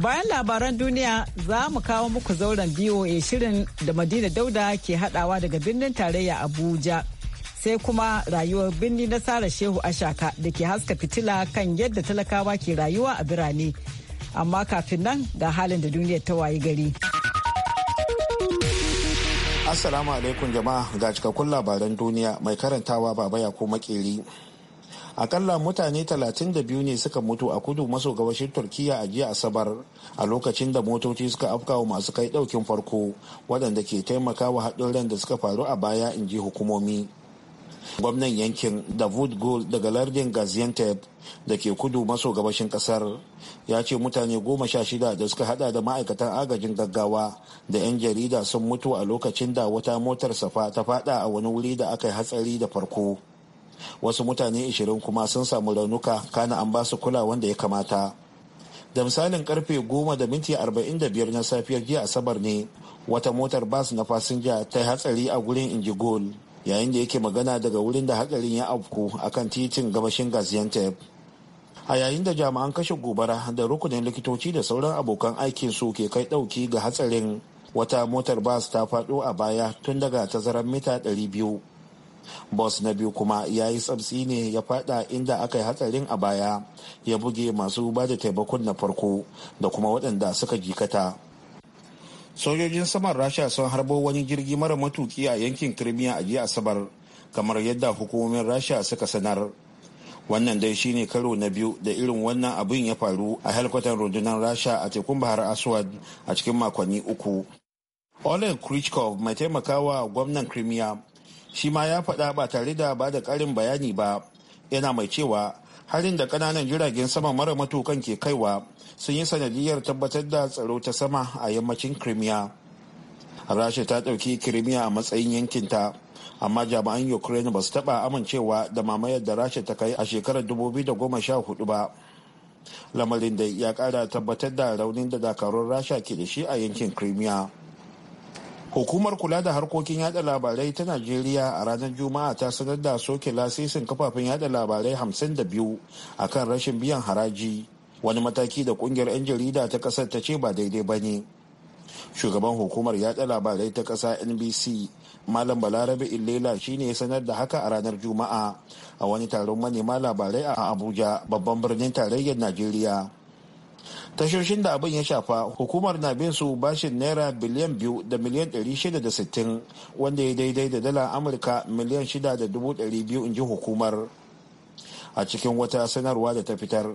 Bayan labaran duniya za mu kawo muku zauren BOA shirin da Madina Dauda ke hadawa daga birnin tarayya Abuja. Sai kuma rayuwar birni na Sara Shehu Ashaka da ke haska fitila kan yadda talakawa ke rayuwa a birane. Amma kafin nan ga halin da duniya ta wayi gari. Assalamu alaikum jama'a ga cikakkun labaran duniya mai karantawa baba ya ko makeri. akalla mutane 32 ne suka mutu a kudu maso gabashin turkiya a jiya asabar a lokacin da motoci suka afkawa masu kai daukin farko waɗanda ke taimakawa haɗin da suka faru a baya in ji hukumomi gwamnan yankin davud gol daga lardin gaziantep da ke kudu maso gabashin kasar ya ce mutane goma sha shida da suka hada da ma'aikatan agajin gaggawa da 'yan jarida sun mutu a lokacin da wata motar safa ta fada a wani wuri da aka yi hatsari da farko wasu mutane 20 kuma sun samu raunuka kana an ba su kula wanda ya kamata da misalin karfe 10 da minti 45 na safiyar jiya asabar ne wata motar bas na fasinja ta yi hatsari a gurin ingigol yayin da yake magana daga wurin da hatsarin ya afku kan titin gabashin gaziantep a yayin da jami'an kashe gobara da rukunin likitoci da sauran abokan aikin su ke kai dauki ga hatsarin wata motar bas ta faɗo a baya tun daga tazarar mita 200 bus na biyu kuma ya yi tsabsi ne ya fada inda aka yi hatsarin a baya ya buge masu ba da taimakon na farko da kuma waɗanda suka jikata sojojin saman rasha sun harbo wani jirgi mara matuki a yankin kirmiya a jiya asabar kamar yadda hukumomin rasha suka sanar wannan dai shine karo na biyu da irin wannan abin ya faru a helkwatan rundunar rasha a tekun bahar aswad a cikin makonni uku oleg krichkov mai taimakawa gwamnan crimea shi ma ya faɗa ba tare da ba da ƙarin bayani ba yana mai cewa harin da ƙananan jiragen sama mara matukan ke kaiwa sun yi sanadiyar tabbatar da tsaro ta sama a yammacin kirimiya. rasha ta ɗauki crimea a matsayin yankinta amma jami'an ukraine ba su taɓa amincewa da mamayar da rasha ta kai a shekarar 2014 ba lamarin da ya ƙara tabbatar da raunin da dakarun rasha ke da shi a yankin crimea Hukumar kula da harkokin yada labarai ta Najeriya a ranar Juma'a ta sanar da soke lasisin kafafen yada labarai 52 a kan rashin biyan haraji, wani mataki da kungiyar 'yan jarida ta kasar ta ce ba daidai ba ne. Shugaban hukumar yada labarai ta kasa NBC, Malam Balarabe Illela shine ya sanar da haka a ranar Juma'a a wani taron manema labarai a Abuja, babban birnin tarayyar Najeriya. tashoshin da abin ya shafa hukumar na bin su bashin naira biliyan biyu da miliyan ɗari shida da sittin wanda ya daidai da dala amurka miliyan shida da dubu ɗari biyu in ji hukumar a cikin wata sanarwa da ta fitar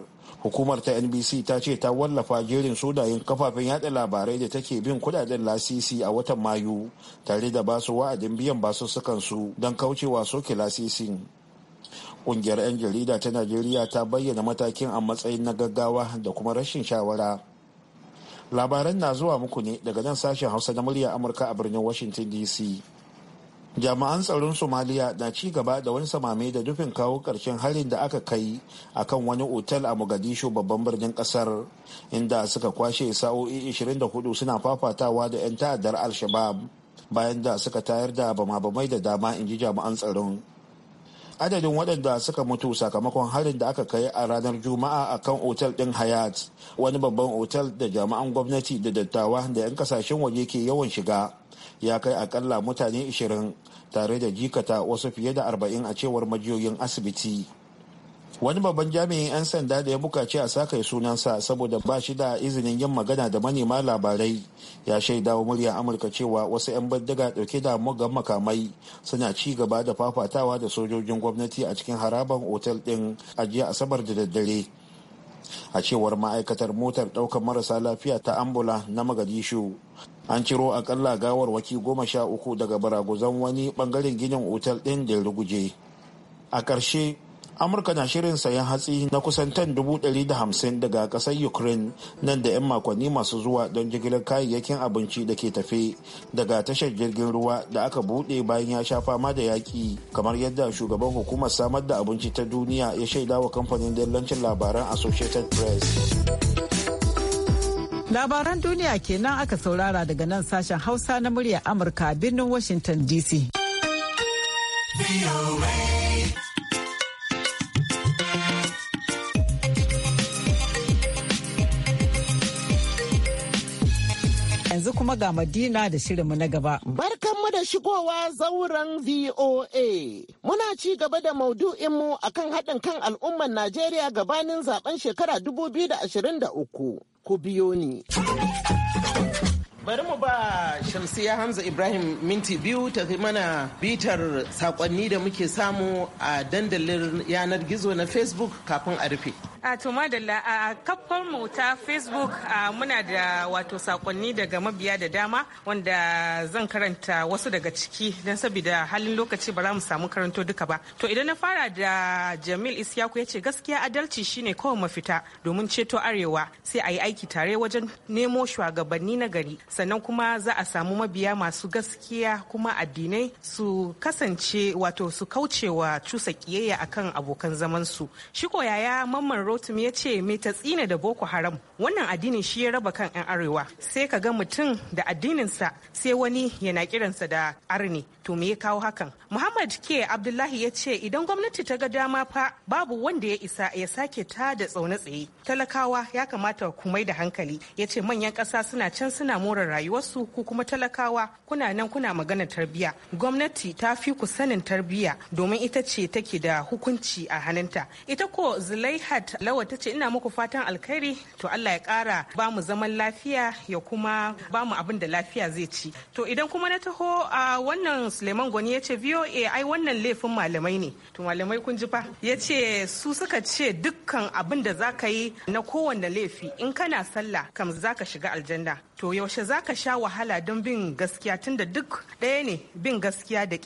hukumar ta nbc ta ce ta wallafa jerin sodayin kafafen yada labarai da take bin kudaden lasisi a watan mayu tare da basu wa'adin biyan su don kaucewa soke lasisin Kungiyar 'yan jarida ta Najeriya ta bayyana matakin a matsayin na gaggawa da kuma rashin shawara. Labaran na zuwa muku ne daga nan sashen Hausa na murya Amurka a birnin Washington DC. Jami'an tsaron Somaliya na ci gaba da wani samame da dufin kawo ƙarshen harin da aka kai a kan wani otal a Mogadishu babban birnin ƙasar, inda suka kwashe sa'o'i 24 suna fafatawa da 'yan ta'addar al shabab bayan da suka tayar da bama-bamai da dama in ji jami'an tsaron. adadin waɗanda suka mutu sakamakon harin da aka kai a ranar juma'a a kan otal ɗin hayat wani babban otal da jami'an gwamnati da dattawa da 'yan kasashen waje ke yawan shiga ya kai akalla mutane 20 tare da jikata wasu fiye da 40 a cewar majiyoyin asibiti wani babban jami'in 'yan sanda da ya bukaci a sakai sunansa saboda ba shi da izinin yin magana da manema labarai ya shaida wa murya amurka cewa wasu 'yan bindiga dauke da mugan makamai suna ci gaba da fafatawa da sojojin gwamnati a cikin haraban otel din ajiya asabar da daddare a cewar ma'aikatar motar ɗaukar marasa lafiya ta ambula na magadishu an ciro akalla waki goma sha uku daga baraguzan wani bangaren ginin otal din da ya ruguje a ƙarshe amurka na shirin sayan hatsi na kusan tan dubu ɗari da hamsin daga ƙasar ukraine nan da 'yan makonni masu zuwa don jigilar kayayyakin abinci da ke tafe daga tashar jirgin ruwa da aka buɗe bayan ya sha fama da yaƙi kamar yadda shugaban hukumar samar da abinci ta duniya ya shaida wa kamfanin dillancin labaran associated press labaran duniya kenan aka saurara daga nan sashen hausa na murya amurka birnin washington dc yanzu kuma ga Madina da shirinmu na gaba. mu da shigowa zauren VOA. Muna ci gaba da maudu'inmu akan haɗin kan al'ummar Najeriya gabanin zaben shekara 2023. Ku biyo ni. bari mu ba shamsiya hamza ibrahim minti biyu ta mana bitar sakonni da muke samu a dandalin yanar gizo na facebook kafin a rufe a to madalla a mu ta facebook muna da wato sakonni daga mabiya da dama wanda zan karanta wasu daga ciki don saboda halin lokaci ba za mu samu karanto duka ba to idan na fara da jamil isyaku ya ce gaskiya adalci shine kawai mafita domin ceto arewa sai a yi aiki tare wajen nemo shugabanni na gari sannan kuma za a samu mabiya masu gaskiya kuma addinai su kasance wato su kauce wa cusa kiyayya akan abokan zamansu shi ko yaya mamman rotum ya ce mai ta tsina da boko haram wannan addinin shi ya raba kan 'yan arewa sai ka ga mutum da addininsa sai wani yana kiransa da arni to me ya kawo hakan muhammad ke abdullahi ya ce idan gwamnati ta ga dama fa babu wanda ya isa ya sake ta da tsaune tsaye talakawa ya kamata ku mai da hankali ya ce manyan ƙasa suna can suna more tsarin rayuwarsu ko kuma talakawa kuna nan kuna magana tarbiyya gwamnati ta fi ku sanin tarbiyya domin ita ce take da hukunci a hannunta ita ko zulaihat lawa ta ce ina muku fatan alkhairi to Allah ya kara ba mu zaman lafiya ya kuma ba mu abin da lafiya zai ci to idan kuma na taho a wannan Suleiman Gwani ya ce VOA eh, ai wannan laifin malamai ne to malamai kun ji fa ya ce su suka ce dukkan abin da za ka yi na kowanne laifi in kana sallah kam za ka shiga aljanna to yaushe za ka sha wahala don bin gaskiya tunda duk ɗaya ne bin gaskiya da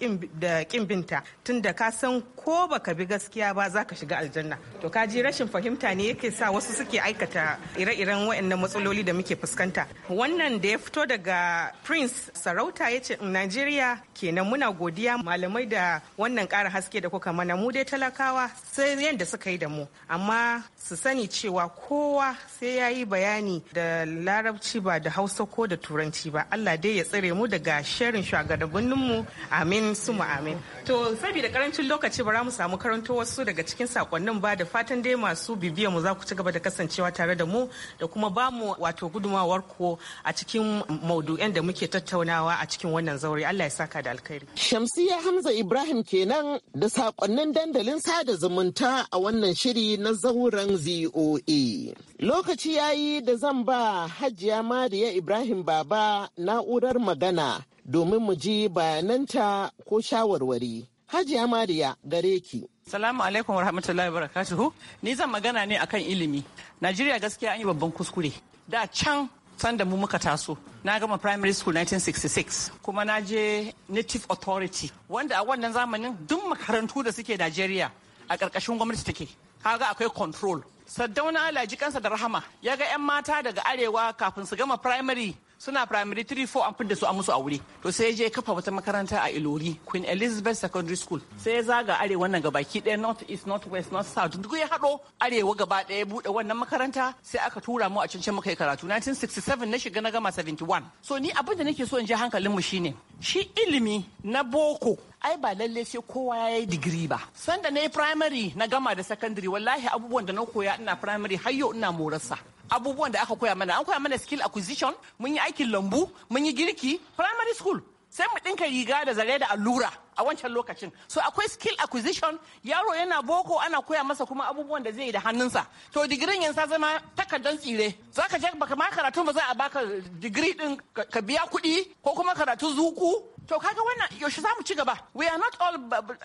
kin binta tunda ka san ko baka bi gaskiya ba za ka shiga aljanna to kaji rashin fahimta ne yake sa wasu suke aikata ire-iren waɗannan matsaloli da muke fuskanta wannan da ya fito daga prince sarauta ya ce najeriya kenan muna godiya malamai da wannan ƙara haske da kuka mana mu dai talakawa sai yadda suka yi da mu amma su sani cewa kowa sai ya yi bayani da larabci ba da hausa ko da turanci ba allah dai ya tsire mu daga sharin shagarabinmu amin suma mu amin to saboda karancin lokaci bara mu samu karanto wasu daga cikin sakonnin ba da fatan dai masu bibiya mu za ku ci gaba da kasancewa tare da mu da kuma ba mu wato gudumawar ku a cikin maudu'in da muke tattaunawa a cikin wannan zaure Allah ya saka da alkhairi. Shamsiya Hamza Ibrahim kenan da sakonnin dandalin sada zumunta a wannan shiri na zauren zoa Lokaci yayi da zan ba Hajiya Mariya Ibrahim Baba na'urar magana domin mu ji bayananta ko shawarwari. Hajiya Mariya gare ki. Salamu alaikum wa warahmatullahi wabarakatuhu. Ni zan magana ne akan ilimi. Najeriya gaskiya an yi babban kuskure. Da can sanda mu muka taso na gama primary school 1966 kuma na je native authority wanda a wannan zamanin duk makarantu da suke najeriya a ƙarƙashin gwamnati take kaga akwai control saddauna Alhaji kansa da rahama ya ga 'yan mata daga arewa kafin su gama primary suna firamare 3 4 an fidda su a musu aure to sai ya je kafa wata makaranta a Ilori Queen Elizabeth Secondary School sai ya zaga arewa nan gabaki daya north east north west north south duk ya haɗo arewa gaba daya buɗe wannan makaranta sai aka tura mu a cancan muka yi karatu 1967 na shiga na gama 71 so ni abin da nake so in je hankalin mu shine shi ilimi na boko ai ba lalle sai kowa ya yi digiri ba sanda na yi primary na gama da secondary wallahi abubuwan da na koya ina firamare har yau ina morarsa abubuwan da aka koya mana an koya mana skill acquisition mun yi aikin lambu mun yi girki primary school sai mu ɗinka riga da zare da allura a wancan lokacin so akwai skill acquisition yaro yana boko ana koya masa kuma abubuwan da zai yi da hannunsa to digirin yanzu zama takardar tsire za ka je baka ma karatu ba za a baka digiri din ka biya kuɗi ko kuma karatu zuku To kaga wannan yaushe za mu ci gaba. We are not all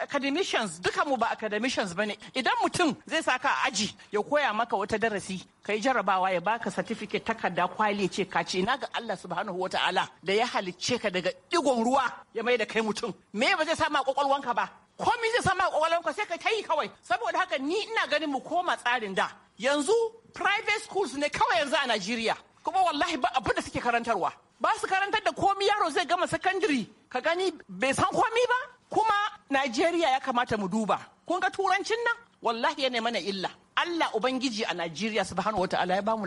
academicians duka mu ba academicians bane. Idan mutum zai saka a aji ya koya maka wata darasi ka yi jarabawa ya baka certificate takarda kwali ce ka ce ina ga Allah subhanahu wa ta'ala da ya halicce ka daga digon ruwa ya mai da kai mutum. Me ba zai sama kwakwalwanka ba. ko me zai sama kwakwalwanka sai ka ta yi kawai. Saboda haka ni ina ganin mu koma tsarin da. Yanzu private schools ne kawai yanzu a Najeriya. Kuma wallahi ba abin da suke karantarwa. ba su karantar da komi yaro zai gama sakandiri ka gani bai san komi ba kuma najeriya ya kamata mu duba kun ga turancin nan wallahi ya mana illa allah ubangiji a najeriya subhanahu wataala ya bamu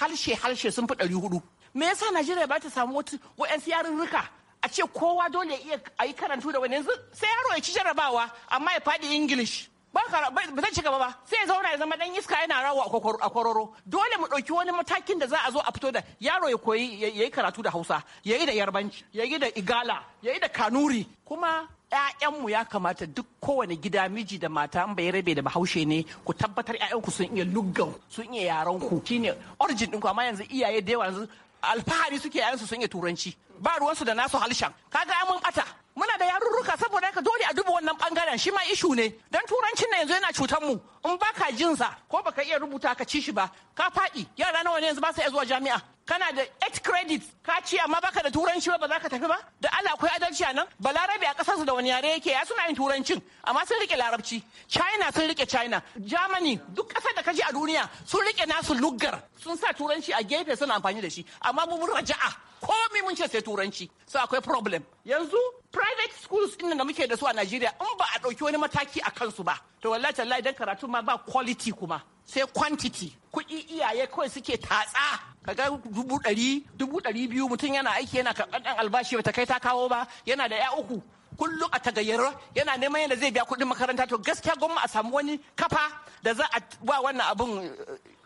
harshe harshe sun fi ɗari hudu me yasa najeriya ba ta samu wata wa'yansu yarurruka a ce kowa dole ya iya a yi karantu da wani sai yaro ya ci jarabawa amma ya faɗi ingilish ba zai ci gaba ba sai zauna ya zama dan iska yana rawa a kwararo dole mu ɗauki wani matakin da za a zo a fito da yaro ya koyi ya yi karatu da hausa ya yi da yarbanci ya yi da igala ya yi da kanuri kuma ‘ya'yanmu ya kamata duk kowane gida miji da mata an bai rabe da bahaushe ne ku tabbatar ‘ya'yanku sun iya luggan sun iya yaran ku ne origin ɗinku amma yanzu iyaye da yawa yanzu alfahari suke ‘ya'yansu sun iya turanci ba ruwansu da nasu halshen kaga mun ɓata. muna da yarurruka saboda haka dole a duba wannan bangaren shi ma ishu ne dan turancin na yanzu yana cutar mu in baka jinsa ko baka iya rubuta ka ci shi ba ka faɗi yara nawa ne yanzu ba su iya zuwa jami'a kana da 8 credit ka ci amma baka da turanci ba za ka tafi ba da Allah akwai adalci a nan balarabe a kasarsu da wani yare yake ya suna yin turancin amma sun rike larabci china sun rike china germany duk kasar da ka ji a duniya sun rike nasu luggar sun sa turanci a gefe suna amfani da shi amma mu mun raja'a komai mun ce sai turanci su akwai problem yanzu prime state schools din da muke da su a Najeriya in ba a ɗauki wani mataki a kansu ba to wallahi tallahi dan karatu ma ba quality kuma sai quantity kuɗi iyaye kawai suke tatsa kaga dubu ɗari dubu ɗari biyu mutum yana aiki yana karɓar ɗan albashi bata kai ta kawo ba yana da ya uku kullum a tagayyar yana neman yadda zai biya kuɗin makaranta to gaskiya gwamma a samu wani kafa da za a ba wannan abun eh,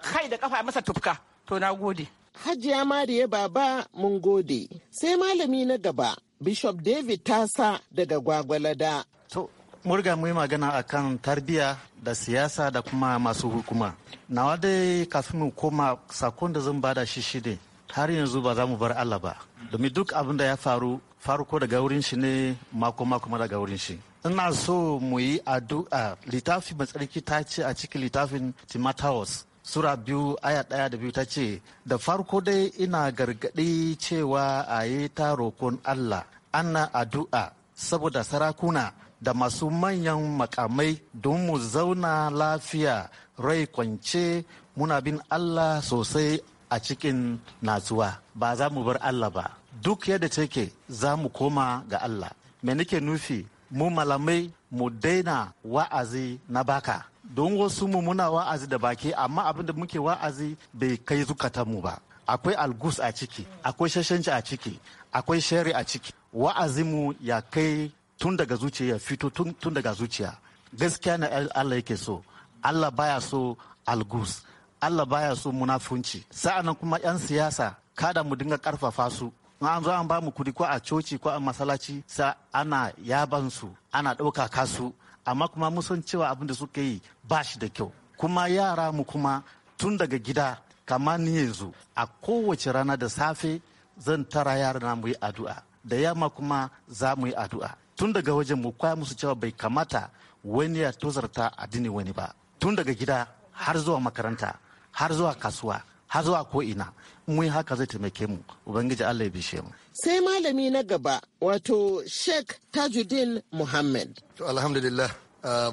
kai da kafa masa tufka to na gode hajiya mariya baba mun gode sai malami na gaba Bishop David Tasa daga Gwagwalada. To, murga mu yi magana kan tarbiyya da siyasa da kuma masu hukuma. Nawa dai kafin mu koma sakon da zan bada shi shi ne, har yanzu ba za mu bar Allah ba. Domin duk abin da ya faru, farko daga wurin shi ne mako mako ma daga wurin shi. Ina so mu yi addu'a littafi mai tsarki ta ce a cikin littafin Timataos Sura biyu aya ɗaya da biyu ta ce, Da farko dai ina gargaɗi cewa a yi ta roƙon Allah, ana addu'a saboda sarakuna da masu manyan makamai don mu zauna lafiya rai kwance muna bin Allah sosai a cikin natsuwa ba za mu bar Allah ba duk yadda take za mu koma ga Allah me nake nufi mu malamai mu daina wa'azi na baka don wasu mu muna wa'azi da baki amma abin da muke wa'azi bai kai mu ba akwai algus a ciki akwai shashanci a ciki akwai shari a ciki wa'azinmu ya kai tun daga zuciya ya fito tun daga zuciya gaskiya na allah yake so allah baya so algus allah baya so munafunci sa'annan kuma 'yan siyasa kada mu dinga karfafa su an zo an ba mu kudi ko a coci ko a masalaci sa ana yaban ana ɗaukaka kasu amma kuma mun san cewa abin da suka yi ba shi da kyau kuma yara mu kuma tun daga gida kama ni yanzu a kowace rana da safe zan tara yara na mu yi addu'a da yamma kuma za mu yi addu'a tun daga wajen mu kwaya musu cewa bai kamata wani ya tozarta addini wani ba tun daga gida har zuwa makaranta har zuwa kasuwa har zuwa ko ina mun haka zai taimake mu ubangiji allah ya bishe mu sai malami na gaba wato sheikh tajuddin muhammad to alhamdulillah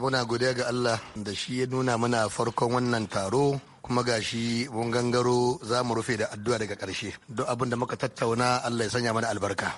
muna godiya ga allah da shi ya nuna mana farkon wannan taro kuma gashi mun gangaro za mu rufe da addu'a daga ƙarshe don abin da muka tattauna Allah ya sanya mana albarka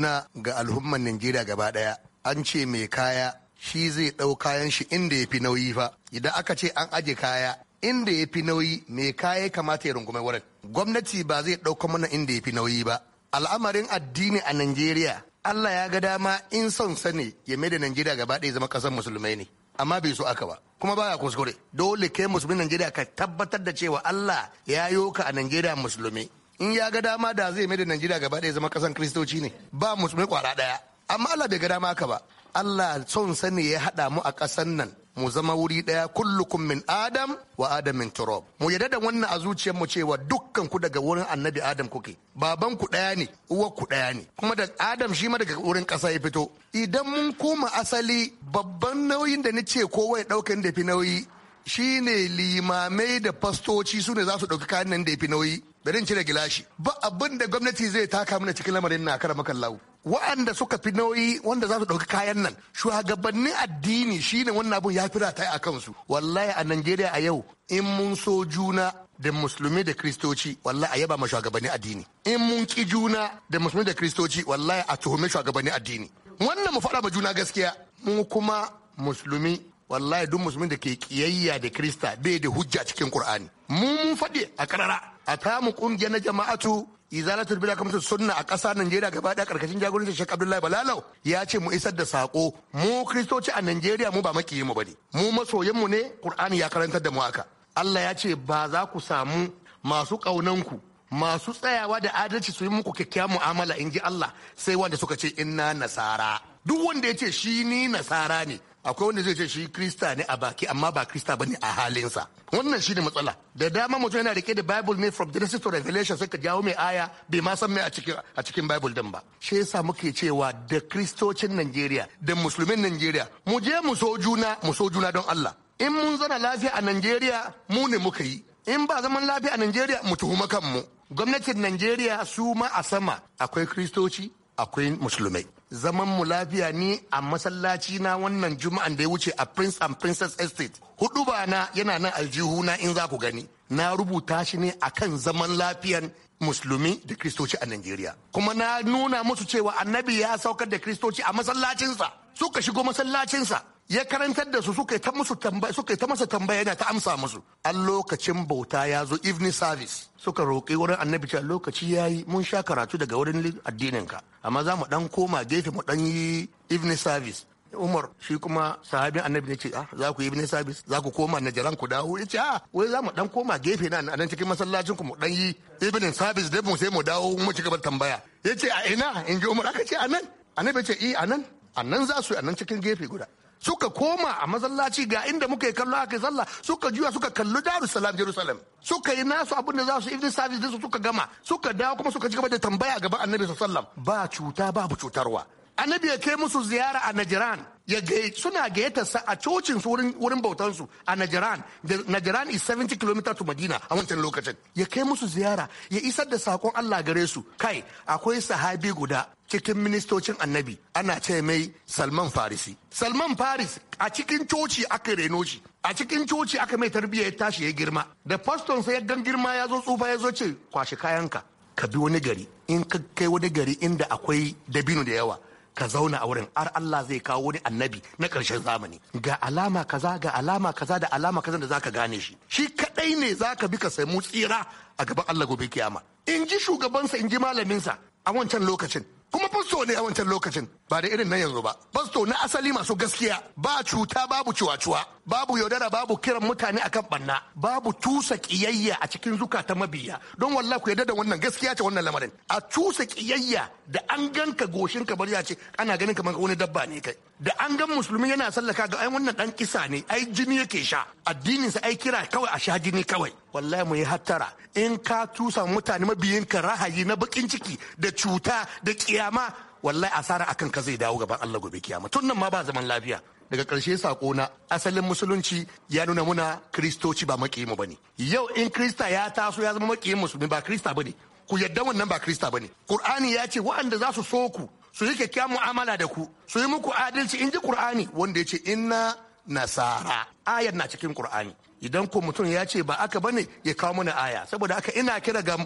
na ga alhumman Najeriya gaba ɗaya an ce mai kaya shi zai ɗau kayan shi inda ya fi nauyi fa idan aka ce an aje kaya inda ya fi nauyi mai kaya kamata ya rungume wurin gwamnati ba zai ɗauka mana inda ya fi nauyi ba al'amarin addini a najeriya allah ya ga dama in son sani ya mai da najeriya gaba ɗaya zama ƙasar musulmai ne amma bai so aka ba kuma baya kuskure dole kai musulmin najeriya ka tabbatar da cewa allah ya yoka a najeriya musulmi in ya ga dama da zai mai da najeriya gaba ɗaya zama ƙasar kristoci ne ba musulmi kwara ɗaya amma allah bai ga dama aka ba allah son sani ya haɗa mu a ƙasar nan mu zama wuri ɗaya kullukum min adam wa adam min turab mu yadda da wannan a zuciyar mu cewa dukkan ku daga wurin annabi adam kuke baban ku ɗaya ne uwar ku ɗaya ne kuma da adam shi ma daga wurin ƙasa ya fito idan mun koma asali babban nauyin da nace kowa ya ɗaukan da fi nauyi shine limamai da fastoci su ne za su ɗauki kayan nan da ya fi nauyi da cire gilashi ba abin da gwamnati zai taka mana cikin lamarin na kara makan waɗanda suka fi nauyi wanda za su ɗauki kayan nan shugabannin addini shine wannan abun ya fira ta a kansu wallahi a najeriya a yau in mun so juna da musulmi da kristoci wallahi a yaba ma shugabannin addini in mun ki juna da musulmi da kristoci wallahi a tuhume shugabannin addini wannan mu faɗa ma juna gaskiya mu kuma musulmi wallahi duk musulmi da ke kiyayya da krista bai da hujja cikin qur'ani mu mun faɗi a karara a tamu kungiyar na jama'atu izalatul bila kamar sunna a ƙasar Najeriya gaba ɗaya ƙarƙashin jagorancin Sheikh Abdullahi Balalau ya ce mu isar da sako mu kristoci a Najeriya mu ba makiyi mu bane mu masoyan mu ne Qur'ani ya karantar da mu haka Allah ya ce ba za ku samu masu ƙaunanku masu tsayawa da adalci su yi muku kyakkyawan mu'amala in ji Allah sai wanda suka ce inna nasara duk wanda ya ce shi ni nasara ne akwai wanda zai ce shi krista ne a baki amma ba krista bane a halinsa wannan shine matsala da dama mutum yana rike da bible ne from genesis to revelation sai ka jawo mai aya bai ma san mai a cikin bible din ba shi yasa muke cewa da kristocin najeriya da musulmin najeriya mu je mu so juna mu so juna don allah in mun zana lafiya a najeriya mu ne muka yi in ba zaman lafiya a najeriya mu tuhuma kanmu gwamnatin najeriya su ma a sama akwai kristoci akwai musulmai zaman mu lafiya ni a masallaci na wannan juma'an da ya wuce a prince and princess estate hudu ba na yana nan aljihu na in za ku gani na rubuta shi ne akan zaman lafiyan musulmi da kristoci a Najeriya. Kuma na nuna musu cewa annabi ya saukar da kristoci a masallacinsa. suka shigo masallacinsa ya karantar da su suka ta musu tambaya suka ta masa tambaya yana ta amsa musu a lokacin bauta ya zo evening service suka roƙi wurin annabi cewa lokaci yayi mun sha karatu daga wurin addinin ka amma za mu dan koma gefe mu dan yi evening service Umar shi kuma sahabin annabi ne ce a ah, za ku yi evening service za ku koma jiran ku dawo ya ce a ah, wai za mu dan koma gefe na nan cikin masallacin ku mu dan yi evening service dai mu sai mu dawo mu ci gaba tambaya ya ce a ina in ji Umar aka ce a nan annabi ce i eh, a nan a nan za su yi a nan cikin gefe guda suka koma a masallaci ga inda muka yi kallo aka sallah suka juya suka kallo salam jerusalem suka yi nasu abin da za su evening service su suka gama suka dawo kuma suka ci gaba da tambaya gaban annabi sallam ba cuta babu cutarwa annabi ya kai musu ziyara a najiran ya suna gayyatarsa a cocin wurin bautansu a najiran najiran is 70 km to madina a wancan lokacin ya kai musu ziyara ya isar da sakon allah gare su kai akwai sahabi guda cikin ministocin annabi ana ce mai salman farisi salman faris a cikin coci aka reno shi a cikin coci aka mai tarbiyya ya tashi ya girma da faston ya gan girma ya zo tsufa ya zo ce kwashi kayanka ka bi wani gari in ka kai wani gari inda akwai dabino da yawa ka zauna a wurin har Allah zai kawo wani annabi na ƙarshen zamani ga alama kaza ga alama kaza da alama kaza da zaka gane shi shi kadai ne zaka bi ka samu tsira a gaban Allah gobe kiyama in ji shugabansa in ji malaminsa a wancan lokacin kuma fasto ne a wancan lokacin ba da irin na yanzu ba fasto na asali masu gaskiya ba cuta babu cuwa-cuwa babu yaudara babu kiran mutane akan banna babu tusa kiyayya a cikin zukata mabiya don walla ku yarda da wannan gaskiya ce wannan lamarin a tusa kiyayya da an ganka goshin ka bari ce ana ganin kamar wani dabba ne kai da an gan musulmi yana sallaka ga ai wannan dan kisa ne ai jini yake sha addinin sa ai kira kawai a sha jini kawai wallahi mu yi hattara in ka tusa mutane mabiyinka rahayi na bakin ciki da cuta da kiyama wallahi asara akan ka zai dawo gaban Allah gobe kiyama tun nan ma ba zaman lafiya daga ƙarshe sako na asalin musulunci ya nuna muna kristoci ba makiyimu bane yau in krista ya taso ya zama makiyin musulmi ba krista bane ku yadda wannan ba krista bane qur'ani ya ce wa'anda za su so ku su yi kyakkyawan mu'amala da ku su yi muku adalci in ji qur'ani wanda ya ce inna nasara ayar na cikin qur'ani idan ko mutum ya ce ba aka bane ya kawo mana aya saboda aka ina kira ga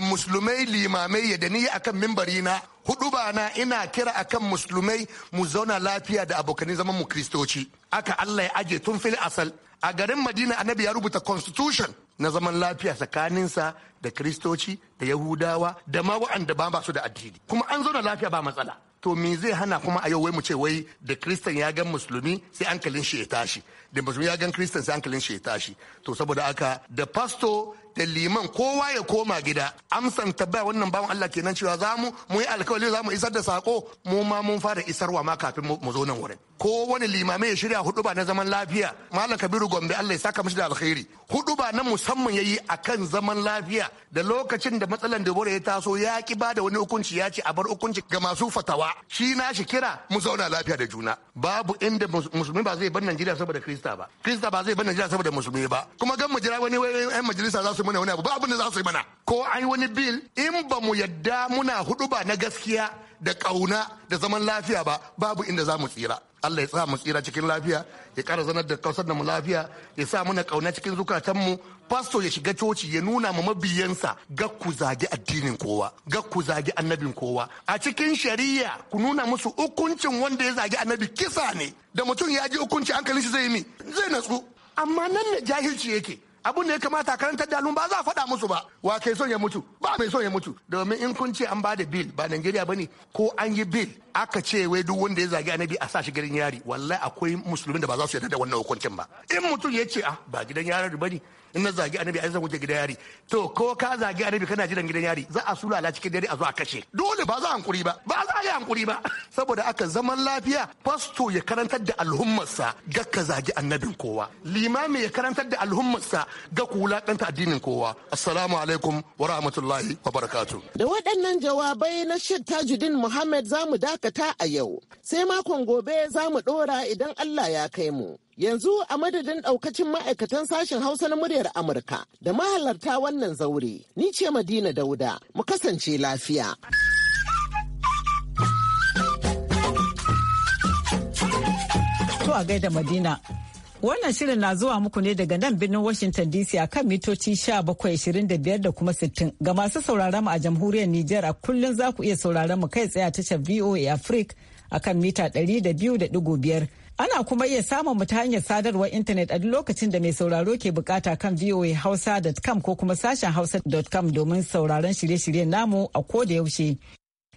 musulmai limamai ya dani akan mimbari na hudu ba na ina kira akan musulmai mu zauna lafiya da abokanin zaman mu kristoci aka Allah ya aje tun fil asal a garin Madina annabi ya rubuta constitution na zaman lafiya tsakaninsa da kristoci da yahudawa da ma wa'anda ba su da addini kuma an zauna lafiya ba matsala to me zai hana kuma a yau wai mu ce wai da kristan ya gan musulmi sai hankalin shi ya tashi da musulmi ya gan kristan sai ankalin shi ya tashi to saboda aka da pastor. da liman kowa ya koma gida amsan tabbaya wannan bawan Allah kenan cewa za mu mu yi alkawali za mu isar da sako mu ma mun fara isarwa ma kafin mu zo nan wurin ko wani limamai ya shirya hudu ba na zaman lafiya malam kabiru gombe Allah ya saka mishi da alkhairi hudu ba na musamman yayi akan zaman lafiya da lokacin da matsalan Bore ya taso ya ki ba da wani hukunci ya ce a bar hukunci ga masu fatawa shi na shi kira mu zauna lafiya da juna babu inda musulmi ba zai bar Najeriya saboda Krista ba Krista ba zai bar Najeriya saboda musulmi ba kuma gan mu jira wani wayoyin majalisa za su su mana wani abu ba abin za su yi mana ko an wani bil in ba mu yadda muna hudu ba na gaskiya da kauna da zaman lafiya ba babu inda za mu tsira Allah ya sa mu tsira cikin lafiya ya ƙara zanar da kausar da mu lafiya ya sa muna kauna cikin zukatan mu. fasto ya shiga coci ya nuna ma mabiyansa ga ku zagi addinin kowa ga ku zagi annabin kowa a cikin shari'a ku nuna musu hukuncin wanda ya zagi annabi kisa ne da mutum ya ji hukunci hankalin shi zai yi mi zai natsu amma nan ne jahilci yake abun da ya kamata karantar da al'umma ba za a faɗa musu ba wa ke son ya mutu ba mai son ya mutu domin in kun ce an ba da bil ba Najeriya bane ko an yi bil aka ce wai duk wanda ya zagi annabi a sa shi gidan yari wallahi akwai musulmin da ba za su yarda da wannan hukuncin ba in mutum ya ce a ah, ba gidan yari bane in na zagi annabi a zan wuce gidan yari to ko ka zagi annabi kana jiran gidan yari za a sulala cikin dare a zo a kashe dole ba za a hankuri ba ba za a yi hankuri ba saboda aka zaman lafiya fasto ya karantar da al'ummarsa ga ka zagi annabin kowa limami ya karantar da al'ummarsa ga kula ɗanta addinin kowa assalamu alaikum wa rahmatullahi wa barakatu da waɗannan jawabai na shek tajudin muhammad za mu dakata a yau sai makon gobe za mu ɗora idan allah ya kai mu Yanzu a madadin ɗaukacin ma'aikatan sashen Hausa na muryar Amurka da mahalarta wannan zaure, ni ce Madina Dauda, mu kasance lafiya. To a gaida Madina. Wannan shirin na zuwa muku ne daga nan birnin Washington DC a kan mitoci 1725 da kuma 60. Ga masu sauraron mu a jamhuriyar Nijar a kullum za ku iya sauraron mu kai tsaye a tashar VOA Africa a kan mita 200.5. Ana kuma iya samun mu ta hanyar sadarwar intanet a duk lokacin da mai sauraro ke bukata kan voahausa.com ko kuma sashen hausa.com domin sauraron shirye-shiryen namu a ko da yaushe.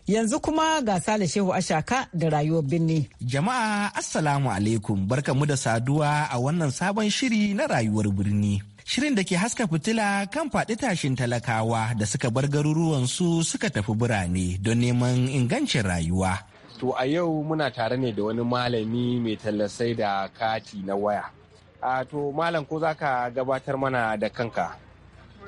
Yanzu kuma ga Sale Shehu Ashaka da rayuwar birni. Jama'a Assalamu alaikum barkamu da saduwa a wannan sabon shiri na rayuwar birni. Shirin da ke haska fitila kan faɗi tashin talakawa da suka bar garuruwan su suka tafi birane don neman ingancin rayuwa. To a yau muna tare ne da wani malami mai tallasai da kati na waya. A to malam ko za ka gabatar mana da kanka?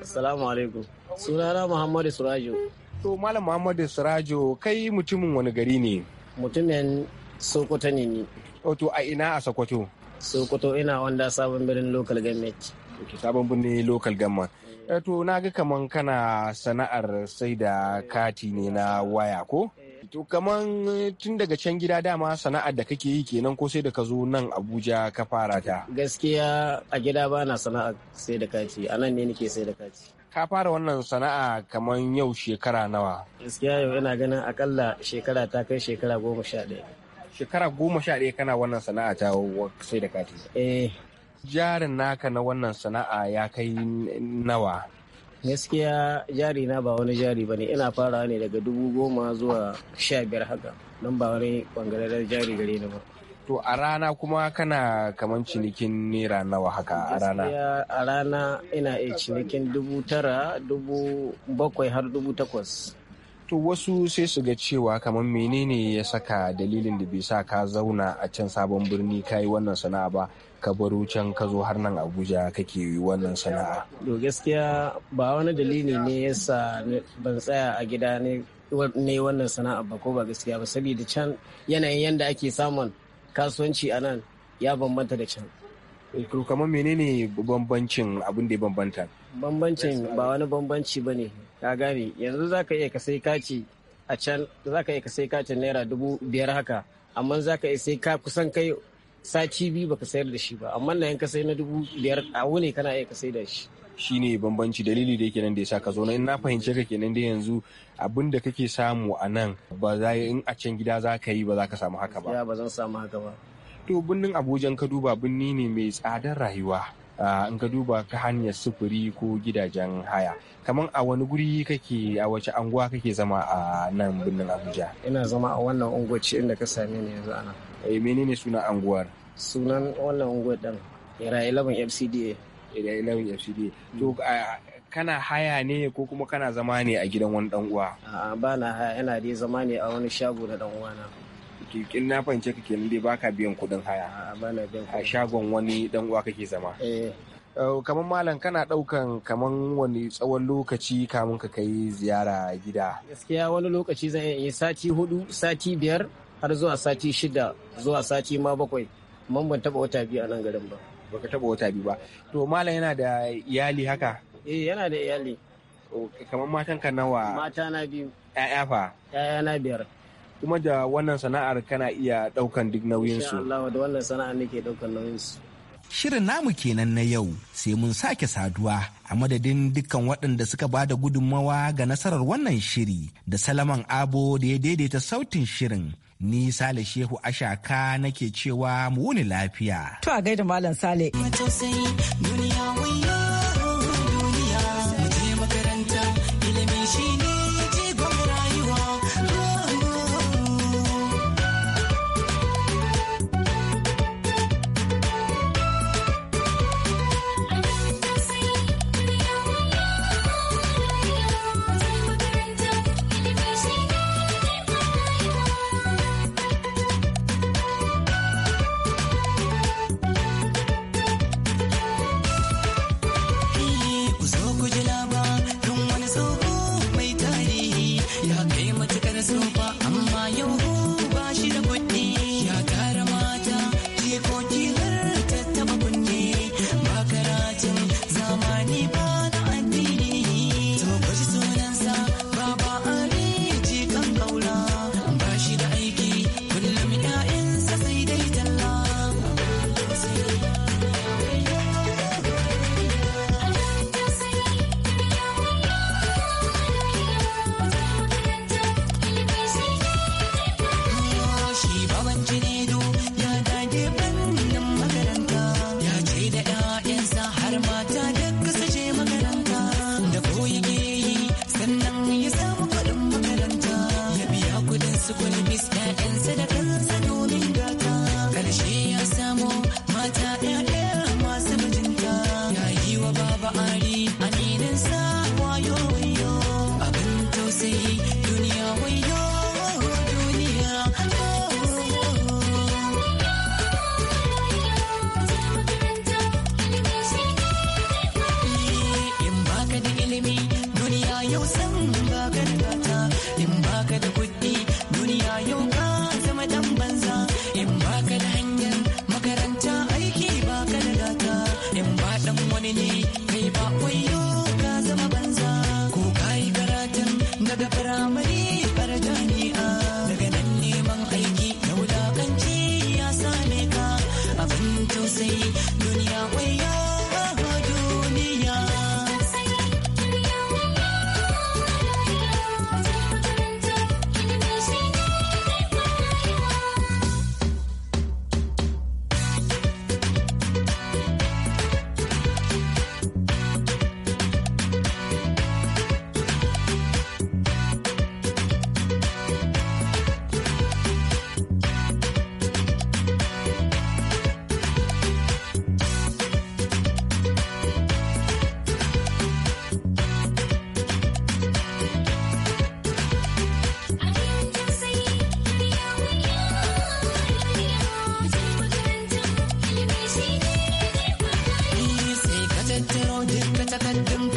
Assalamu alaikum. Sunana Muhammadu Surajo. To malam Muhammadu Surajo kai mutumin wani gari ne? Mutumin Sokoto ne ni. to a ina a Sokoto? Sokoto ina wanda sabon birnin local government. Sabon birnin local government. Eh, to na ga kaman kana sana'ar sai da kati ne na waya ko? To kaman eh, tun daga can gida dama sana'ar da kake yi kenan ko sai da ka zo nan Abuja ka fara ta. Gaskiya a gida ba na sana'a sai da kati, a nan ne nake sai da kati. Ka fara wannan sana'a kaman yau shekara nawa? Gaskiya yau ina ganin akalla shekara ta kai shekara goma sha ɗaya. Shekara goma sha ɗaya kana wannan sana'a ta sai da kati. Eh. Jarin naka na wannan sana'a ya kai nawa? gaskiya jari na ba wani jari ba ne ina farawa ne daga dubu goma zuwa sha biyar haka don ba wani bangararen jari gare ni ba to a rana kuma kana kaman cinikin naira nawa haka a rana a rana ina iya cinikin dubu tara dubu bakwai har dubu takwas to wasu sai su ga cewa kamar menene ya saka dalilin da bai sa ka zauna a can sabon birni ka yi wannan sana'a ba ka baro can ka zo har nan abuja kake yi wannan sana'a to gaskiya ba wani dalili ne ya sa ban tsaya a gida ne ne wannan sana'a ba ko ba gaskiya ba saboda can yanayin yanda ake samun kasuwanci a nan ya bambanta da can to kamar menene bambancin abin da ya bambanta bambancin ba wani bambanci ba ne ka gane yanzu za ka iya ka sai kaci a can za ka iya ka sai naira dubu biyar haka amma za ka iya sai ka kusan kai sati biyu baka sayar da shi ba amma na yanka sai na dubu biyar a wuni kana iya ka sai da shi shi ne bambanci dalili da yake nan da ya sa ka zo in na fahimce ka kenan da yanzu abin da kake samu a nan ba za in a can gida za ka yi ba za ka samu haka ba ba zan samu haka ba to birnin abuja ka duba birni ne mai tsadar rayuwa in ka duba ka hanyar sufuri ko gidajen haya kamar a wani guri kake a wace anguwa kake zama a nan birnin abuja ina zama a wannan unguwaci inda ka same ni yanzu ana eh menene sunan anguwar sunan wannan unguwar din era 11 fcda era 11 fcda to mm. kana haya ne ko kuma kana zama ne a gidan wani dan uwa a'a ba na haya ina dai zama ne a wani shago na dan uwana kake kin na fahimce ka kenan dai baka biyan kuɗin haya a shagon wani dan uwa kake zama eh. eh, kamar malam kana daukan kamar wani tsawon lokaci kamun ka kai ziyara gida gaskiya wani lokaci zan iya sati hudu sati biyar har zuwa sati shida zuwa sati ma bakwai man ban taba wata biyu a nan garin ba baka taba wata biyu ba to malam yana da iyali haka eh yana da iyali kamar matan ka nawa mata na biyu ƴaƴa fa ƴaƴa na biyar kuma da wannan sana'ar kana iya ɗaukan duk nauyinsu. da wannan sana'ar nake ɗaukan nauyinsu. Shirin namu kenan na yau sai mun sake saduwa a madadin dukkan waɗanda suka ba da gudunmawa ga nasarar wannan shiri da Salaman Abo da ya daidaita sautin shirin. Ni Sale Shehu Ashaka nake cewa mu wuni lafiya. To a gaida Malam Sale. jini takaddun